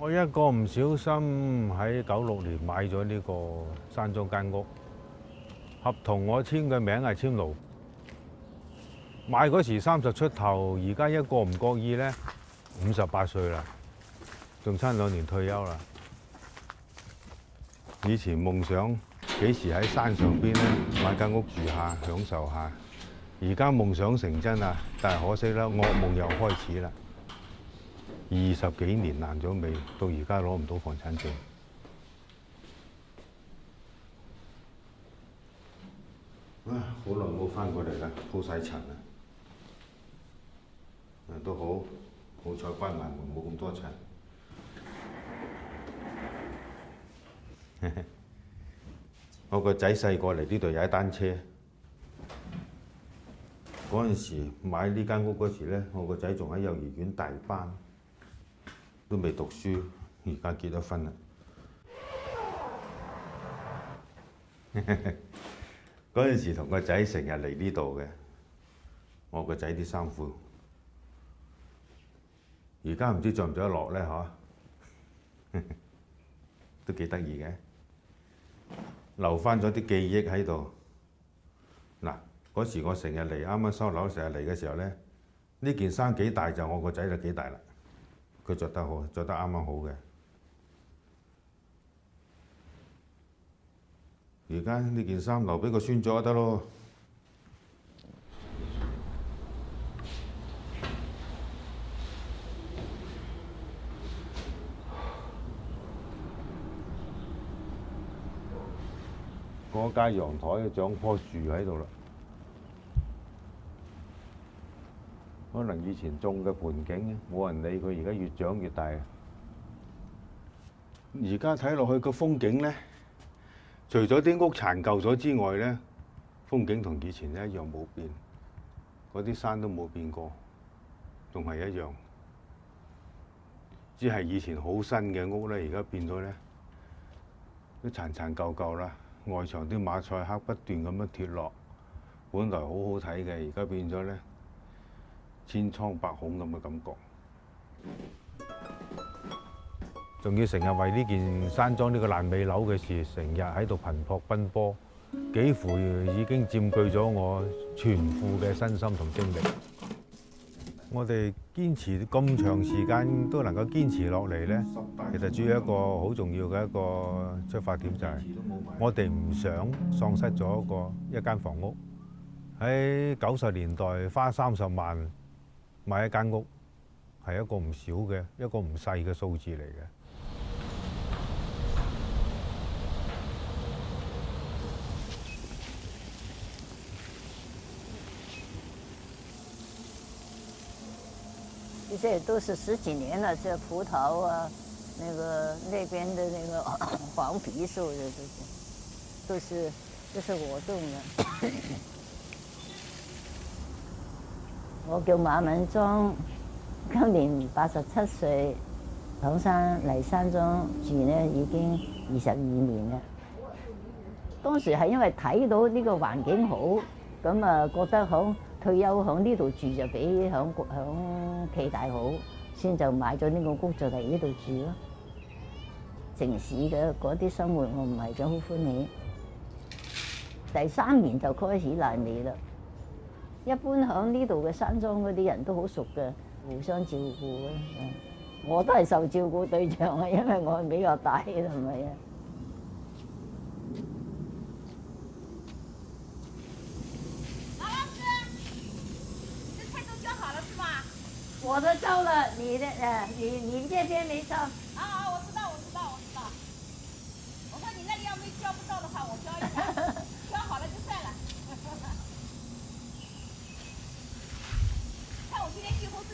我一個唔小心喺九六年買咗呢個山莊間屋，合同我簽嘅名係簽勞。買嗰時三十出頭，而家一個唔覺意咧，五十八歲啦，仲差兩年退休啦。以前夢想幾時喺山上邊咧買間屋住下，享受下。而家夢想成真啊，但係可惜啦，噩夢又開始啦。二十幾年爛咗未，到而家攞唔到房產證。啊，好耐冇翻過嚟啦，鋪晒塵啦！誒，都好，好彩關埋門，冇咁多塵。 我個仔細個嚟呢度踩單車，嗰陣時買呢間屋嗰時咧，我個仔仲喺幼兒園大班。都未讀書，而家結咗婚啦。嗰 陣時同個仔成日嚟呢度嘅，我個仔啲衫褲，而家唔知着唔着得落咧，嗬？ 都幾得意嘅，留翻咗啲記憶喺度。嗱，嗰時我成日嚟，啱啱收樓成日嚟嘅時候咧，呢件衫幾大就係、我個仔就幾大啦。佢著得好，穿得剛剛好著得啱啱好嘅。而家呢件衫留俾個孫著就得咯。嗰間陽台的長棵樹喺度啦。可能以前種嘅盆景冇人理佢，而家越長越大。而家睇落去個風景呢，除咗啲屋殘舊咗之外呢，風景同以前一樣冇變，嗰啲山都冇變過，仲係一樣。只係以前好新嘅屋呢，而家變咗呢，都殘殘舊舊啦。外牆啲馬賽克不斷咁樣脫落，本來好好睇嘅，而家變咗呢。千瘡百孔咁嘅感覺，仲要成日為呢件山莊呢個爛尾樓嘅事，成日喺度頻撲奔波，幾乎已經佔據咗我全副嘅身心同精力。我哋堅持咁長時間都能夠堅持落嚟呢，其實主要一個好重要嘅一個出發點就係我哋唔想喪失咗一個一間房屋。喺九十年代，花三十萬。買一間屋係一個唔少嘅一個唔細嘅數字嚟嘅。呢啲都是十幾年喇，這葡萄啊，那個那邊的那個黃皮樹的，這個，這都是都是都是我種嘅。 我叫馬敏莊，今年八十七歲，響山嚟山莊住咧已經二十二年啦。當時係因為睇到呢個環境好，咁啊覺得響退休響呢度住就比響響企大好，先就買咗呢個屋就嚟呢度住咯。城市嘅嗰啲生活我唔係咁好歡喜，第三年就開始爛尾啦。一般喺呢度嘅山莊嗰啲人都好熟嘅，互相照顧嘅。嗯、我都係受照顧對象啊，因為我係比較大嘅，係咪啊？馬老,老師，你的菜都做好了是嗎？我都收了，你的誒、呃，你你呢邊沒收？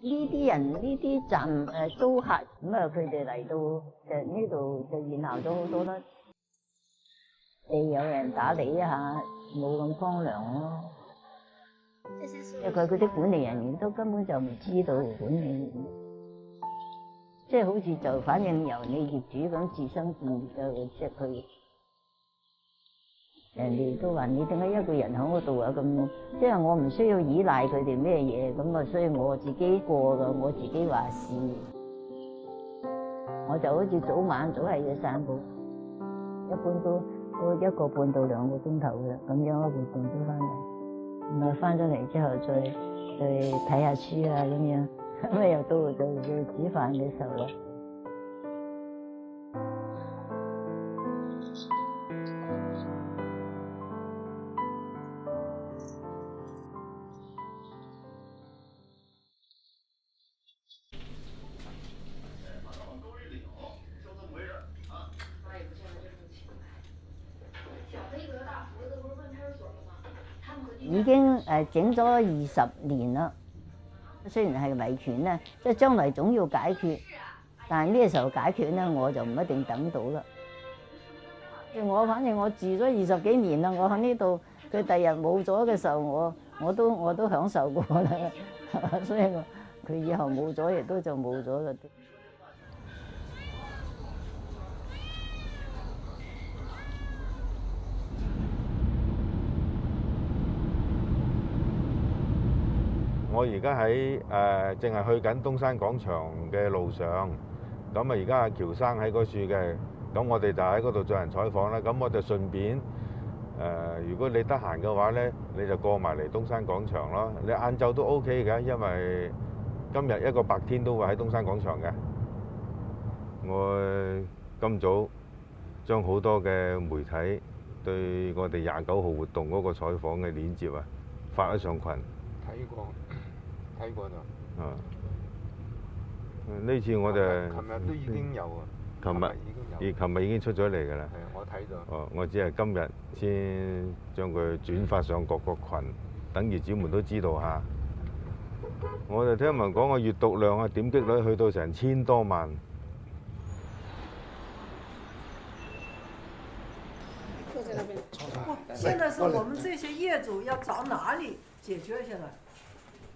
呢啲人呢啲站誒、啊、租客，咁啊佢哋嚟到誒呢度就沿行咗好多啦。誒，有人打理一下，冇咁荒涼咯。又佢嗰啲管理人員都根本就唔知道管理人員，即、就、係、是、好似就反正由你業主咁自生自滅咁即係佢。人哋都話你點解一個人喺嗰度啊？咁即係我唔需要依賴佢哋咩嘢咁啊，所以我自己過㗎，我自己話事。我就好似早晚早係要散步，一般都都一個半到兩個鐘頭嘅。咁樣活動都翻嚟。唔係翻咗嚟之後再，再再睇下書啊咁樣，咁啊又到到要煮飯嘅時候啦。已經誒整咗二十年啦，雖然係維權咧，即係將來總要解決，但呢咩時候解決咧，我就唔一定等到啦。我反正我住咗二十幾年啦，我喺呢度，佢第日冇咗嘅時候，我我都我都享受過啦，所以我佢以後冇咗亦都就冇咗啦。我而家喺誒，淨係去緊東山廣場嘅路上。咁啊，而家阿喬生喺嗰處嘅，咁我哋就喺嗰度進行採訪啦。咁我就順便誒，如果你得閒嘅話咧，你就過埋嚟東山廣場咯。你晏晝都 OK 嘅，因為今日一個白天都會喺東山廣場嘅。我今早將好多嘅媒體對我哋廿九號活動嗰個採訪嘅鏈接啊，發咗上羣。睇過。睇過咗。啊、呢次我哋。琴日都已經有啊。琴日，琴日已經有。而琴日已經出咗嚟㗎啦。我睇咗，哦、啊，我只係今日先將佢轉發上各個群，嗯、等業主們都知道下，嗯、我哋聽聞講個閲讀量啊，點擊率去到成千多萬。不，現在是我們這些業主要找哪裡解決一下呢？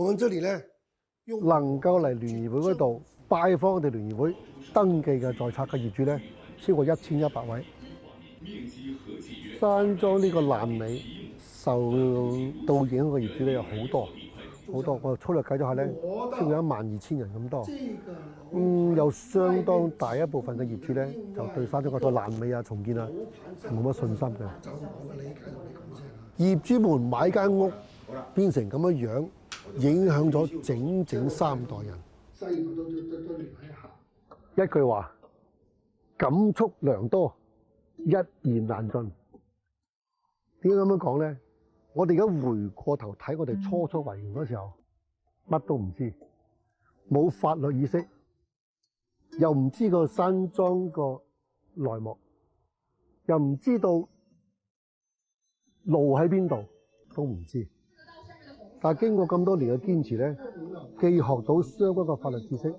我們這裏咧，用能夠嚟聯誼會嗰度拜訪我哋聯誼會登記嘅在冊嘅業主咧，超過一千一百位。山莊呢個爛尾受到影嘅業主咧，有好多好多。我粗略計咗下咧，超過一萬二千人咁多。嗯，有相當大一部分嘅業主咧，就對山莊嗰個爛尾啊、重建啊，冇乜信心嘅。啊、業主們買間屋變成咁樣樣。影響咗整整三代人。一句話，感觸良多，一言難盡。點解咁樣講咧？我哋而家回過頭睇我哋初初圍園嗰時候，乜都唔知，冇法律意識，又唔知個山莊個內幕，又唔知道路喺邊度，都唔知。但係經過咁多年嘅堅持咧，既學到相關嘅法律知識，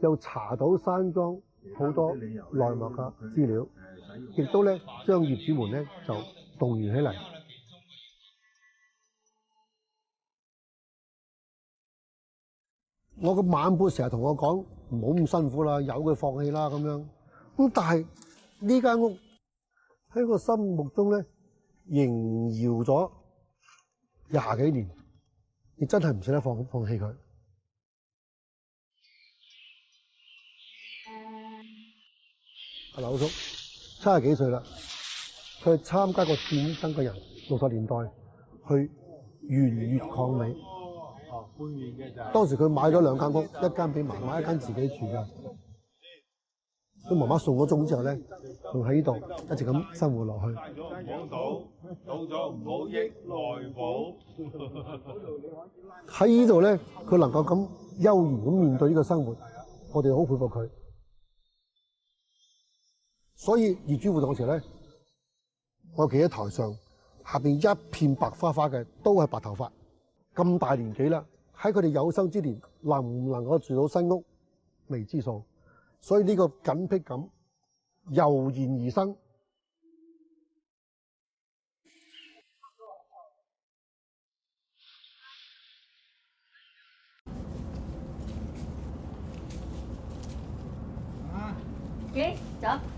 又查到山莊好多內幕嘅資料，亦都咧將業主們咧就動員起嚟。我個晚輩成日同我講：唔好咁辛苦啦，由佢放棄啦咁樣。咁但係呢間屋喺我心目中咧，縈繞咗廿幾年。你真係唔捨得放放棄佢。阿劉叔七十幾歲啦，佢參加過戰爭嘅人，六十年代去援越抗美。當時佢買咗兩間屋，一間俾媽媽，一間自己住㗎。咁媽媽送咗終之後咧，仲喺呢度一直咁生活落去。喺、嗯、呢度咧，佢能夠咁悠然咁面對呢個生活，我哋好佩服佢。所以業主活動嘅時候咧，我企喺台上，下面一片白花花嘅都係白頭髮，咁大年紀啦，喺佢哋有生之年能唔能夠住到新屋，未知數。所以呢個緊迫感油然而生。啊吧，走！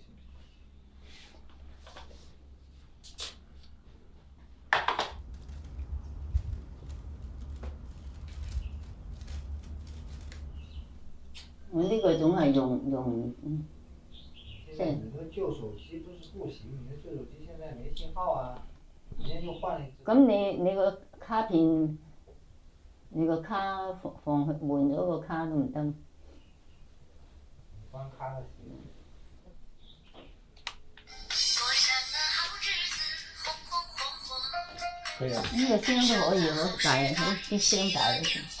我呢個總係用用，即係。咁你的舊手機都是不行，你個、啊、卡片，你個卡放，放換咗個卡都唔得。可以啊，呢個新手機我擺喺啲新台子。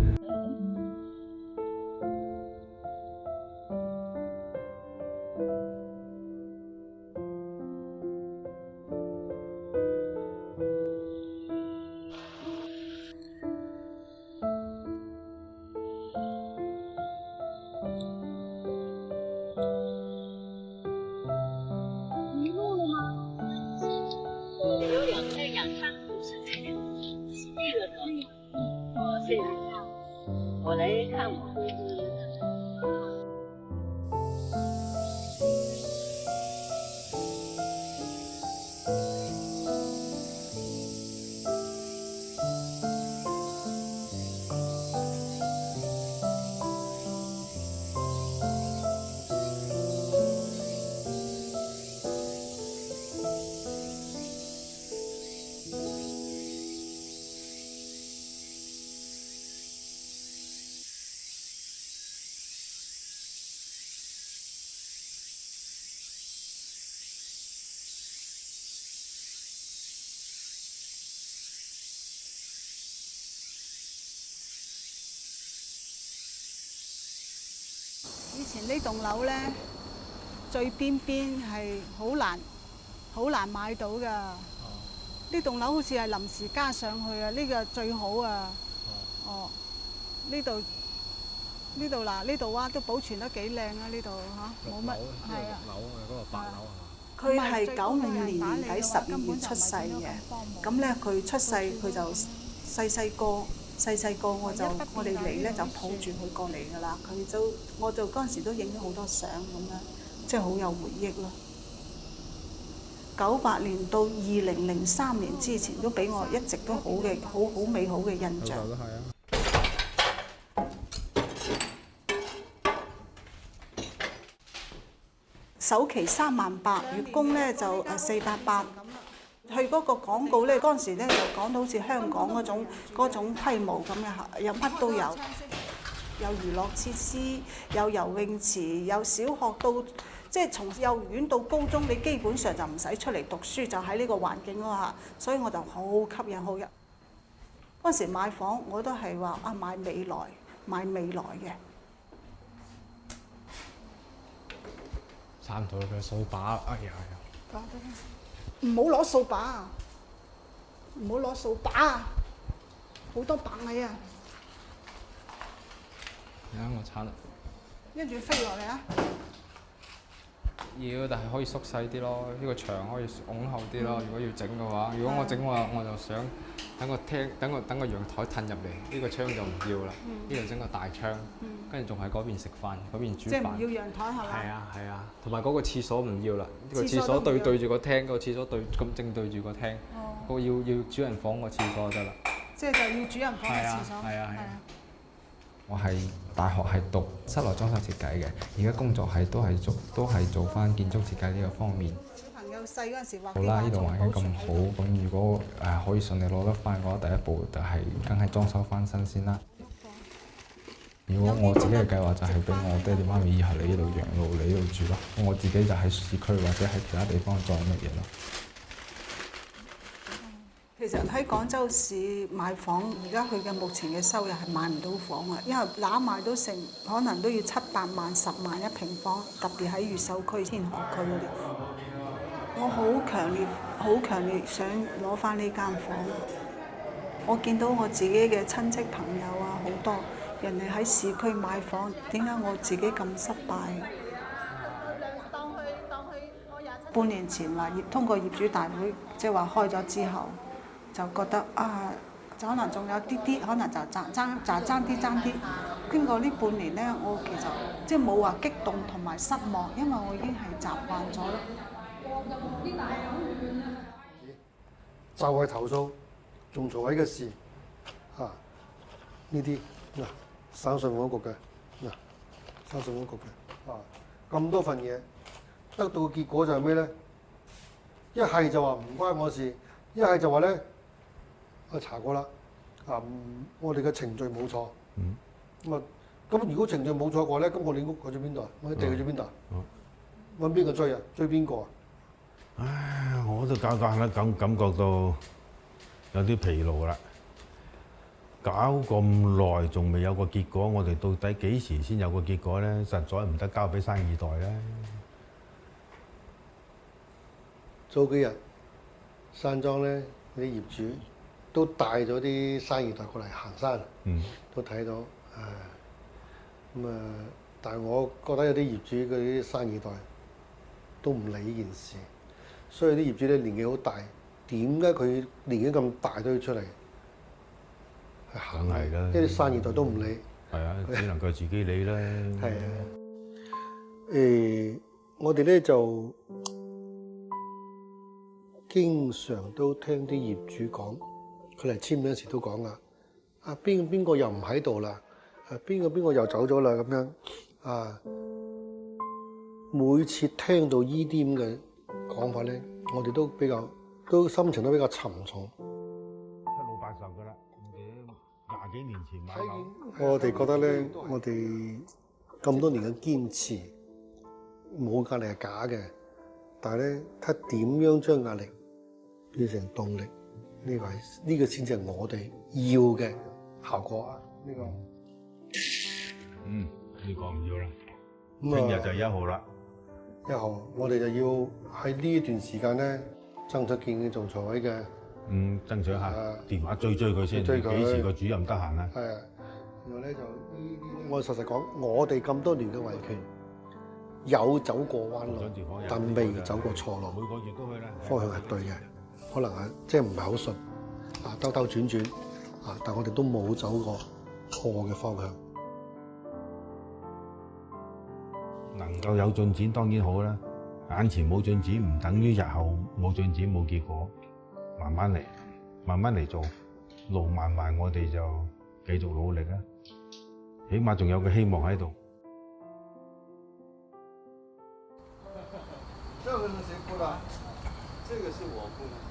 前呢棟樓咧最邊邊係好難好難買到噶，呢、啊、棟樓好似係臨時加上去啊！呢、呢個最好啊，哦，呢度呢度嗱，呢度哇都保存得幾靚啊！呢度嚇，冇乜，係啊，樓嘅嗰個白樓啊，佢係九五年年喺十二月出世嘅，咁咧佢出世佢就細細個。細細個我就我哋嚟呢，就抱住佢過嚟噶啦，佢就，我就嗰陣時都影咗好多相咁樣，即係好有回憶咯。九八年到二零零三年之前都俾我一直都好嘅好好美好嘅印象。首期三萬八，月供呢就誒四百八。去嗰個廣告咧，嗰陣時咧就講到好似香港嗰種嗰種規模咁嘅嚇，有乜都有，有娛樂設施，有游泳池，有小學到即係從幼兒園到高中，你基本上就唔使出嚟讀書，就喺呢個環境咯嚇，所以我就好吸引好入。嗰陣時買房我都係話啊買未來買未來嘅。三台嘅掃把，哎呀、哎！唔好攞掃把，掃把啊！唔好攞掃把啊！好多白蟻啊！啱我擦了，跟住飛落嚟啊！要，但係可以縮細啲咯。呢、這個牆可以拱後啲咯。嗯、如果要整嘅話，如果我整嘅話，哎、呀 我就想等個廳，等個等個陽台褪入嚟。呢、這個窗就唔要啦。呢度整個大窗。跟住仲喺嗰邊食飯，嗰邊煮飯。即係唔要陽台係嘛？係啊係啊，同埋嗰個廁所唔要啦。這個、廁所對對住個廳，個廁所對咁正對住個廳。哦。個要要主人房個廁所就得啦。即係就要主人房嘅廁所。係啊係啊係啊。我係大學係讀室內裝修設計嘅，而家工作係都係做都係做翻建築設計呢個方面。小朋友細嗰時畫好啦，呢度環境咁好，咁如果誒、呃、可以順利攞得翻嘅話，第一步就係梗係裝修翻新先啦。的如果我自己嘅計劃就係俾我爹哋媽咪以後嚟呢度養老嚟呢度住咯，我自己就喺市區或者喺其他地方做乜嘢咯。其實喺廣州市買房，而家佢嘅目前嘅收入係買唔到房嘅，因為哪埋都成，可能都要七八萬、十萬一平方，特別喺越秀區、天河區嗰啲。我好強烈、好強烈想攞返呢間房。我見到我自己嘅親戚朋友啊，好多人哋喺市區買房，點解我自己咁失敗？半年前話業通過業主大會，即係話開咗之後。就覺得啊，就可能仲有啲啲，可能就爭爭，就爭啲爭啲。經過呢半年咧，我其實即係冇話激動同埋失望，因為我已經係習慣咗啦。就係投訴，仲裁委嘅事，嚇呢啲嗱，省信訪局嘅嗱，省信訪局嘅啊，咁多份嘢得到嘅結果就係咩咧？一係就話唔關我事，一係就話咧。我查過啦，啊、嗯，我哋嘅程序冇錯。咁啊、嗯，咁如果程序冇錯嘅話咧，咁我哋屋去咗邊度啊？我哋地去咗邊度啊？揾邊好個追啊？追邊個啊？唉，我都搞慣啦，感感覺到有啲疲勞啦。搞咁耐仲未有個結果，我哋到底幾時先有個結果咧？實在唔得交俾生意代啦。早幾日山莊咧啲業主。都帶咗啲生意代過嚟行山，嗯、都睇到啊。咁啊，但係我覺得有啲業主佢啲生意代都唔理呢件事，所以啲業主咧年紀好大，點解佢年紀咁大都要出嚟行危咧？啲生意代都唔理，係、嗯、 啊，只能夠自己理啦。係 啊，誒、呃，我哋咧就經常都聽啲業主講。佢嚟簽名嗰時都講啊，啊邊個邊個又唔喺度啦，啊邊個邊個又走咗啦咁樣，啊每次聽到依啲咁嘅講法咧，我哋都比較都心情都比較沉重。七老八十噶啦，我哋廿幾年前買樓的，我哋覺得咧，我哋咁多年嘅堅持，冇壓力係假嘅，但係咧，睇點樣將壓力變成動力？呢位呢個先至係我哋要嘅效果啊！呢、這個嗯，你講唔要啦。咁聽日就係一號啦。一、嗯、號，我哋就要喺呢一段時間咧，爭取見到仲裁委嘅。嗯，爭取下。啊，電話追追佢先，追追、幾時個主任得閒咧？係、啊。然後咧就，我實實講，我哋咁多年嘅維權，有走過彎路，但未走過錯路。啊、每個月都去啦。方向係對嘅。可能係即係唔係好順，啊兜兜轉轉，啊但我哋都冇走過錯嘅方向。能夠有進展當然好啦，眼前冇進展唔等於日後冇進展冇結果。慢慢嚟，慢慢嚟做，路漫漫，我哋就繼續努力啦。起碼仲有個希望喺度。 這個是誰哭啦？這個是我哭。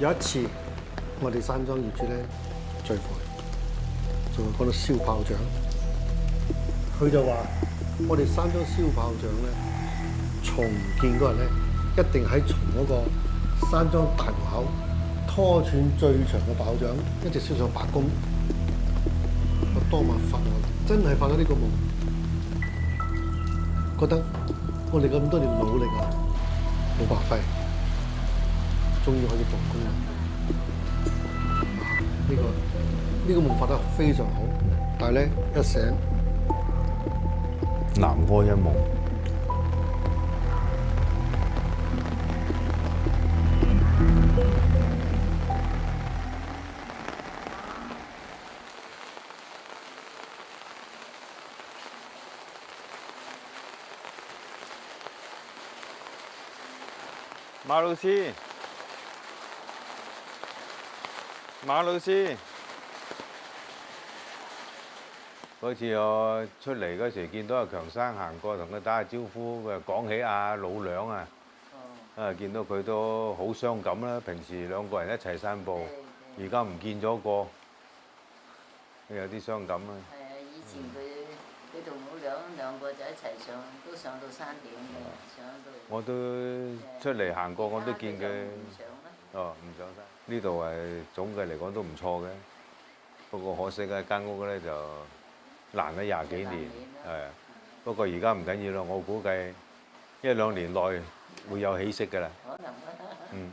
有一次，我哋山莊業主咧聚會，仲講到燒炮仗。佢就話：我哋山莊燒炮仗咧，重建嗰日咧，一定喺從嗰個山莊大門口拖串最長嘅炮仗，一直燒上白宮。我當晚發夢，真係發咗呢個夢，覺得我哋咁多年努力啊，冇白費。終於可以復工啦！呢個呢個夢發得非常好，但係咧一醒，南柯一夢。馬路斯。馬老師，嗰次我出嚟嗰時見到阿強生行過，同佢打下招呼，佢又講起阿老孃啊，啊見到佢都好傷感啦。平時兩個人一齊散步，而家唔見咗個，都有啲傷感啊。係啊，以前佢佢同老孃兩個就一齊上，都上到三點嘅，上到。我都出嚟行過，我都見佢。唔上啦。哦，唔上山。呢度誒總計嚟講都唔錯嘅，不過可惜嘅間屋咧就爛咗廿幾年，係。不過而家唔緊要啦，我估計一兩年內會有起色㗎啦。嗯。嗯。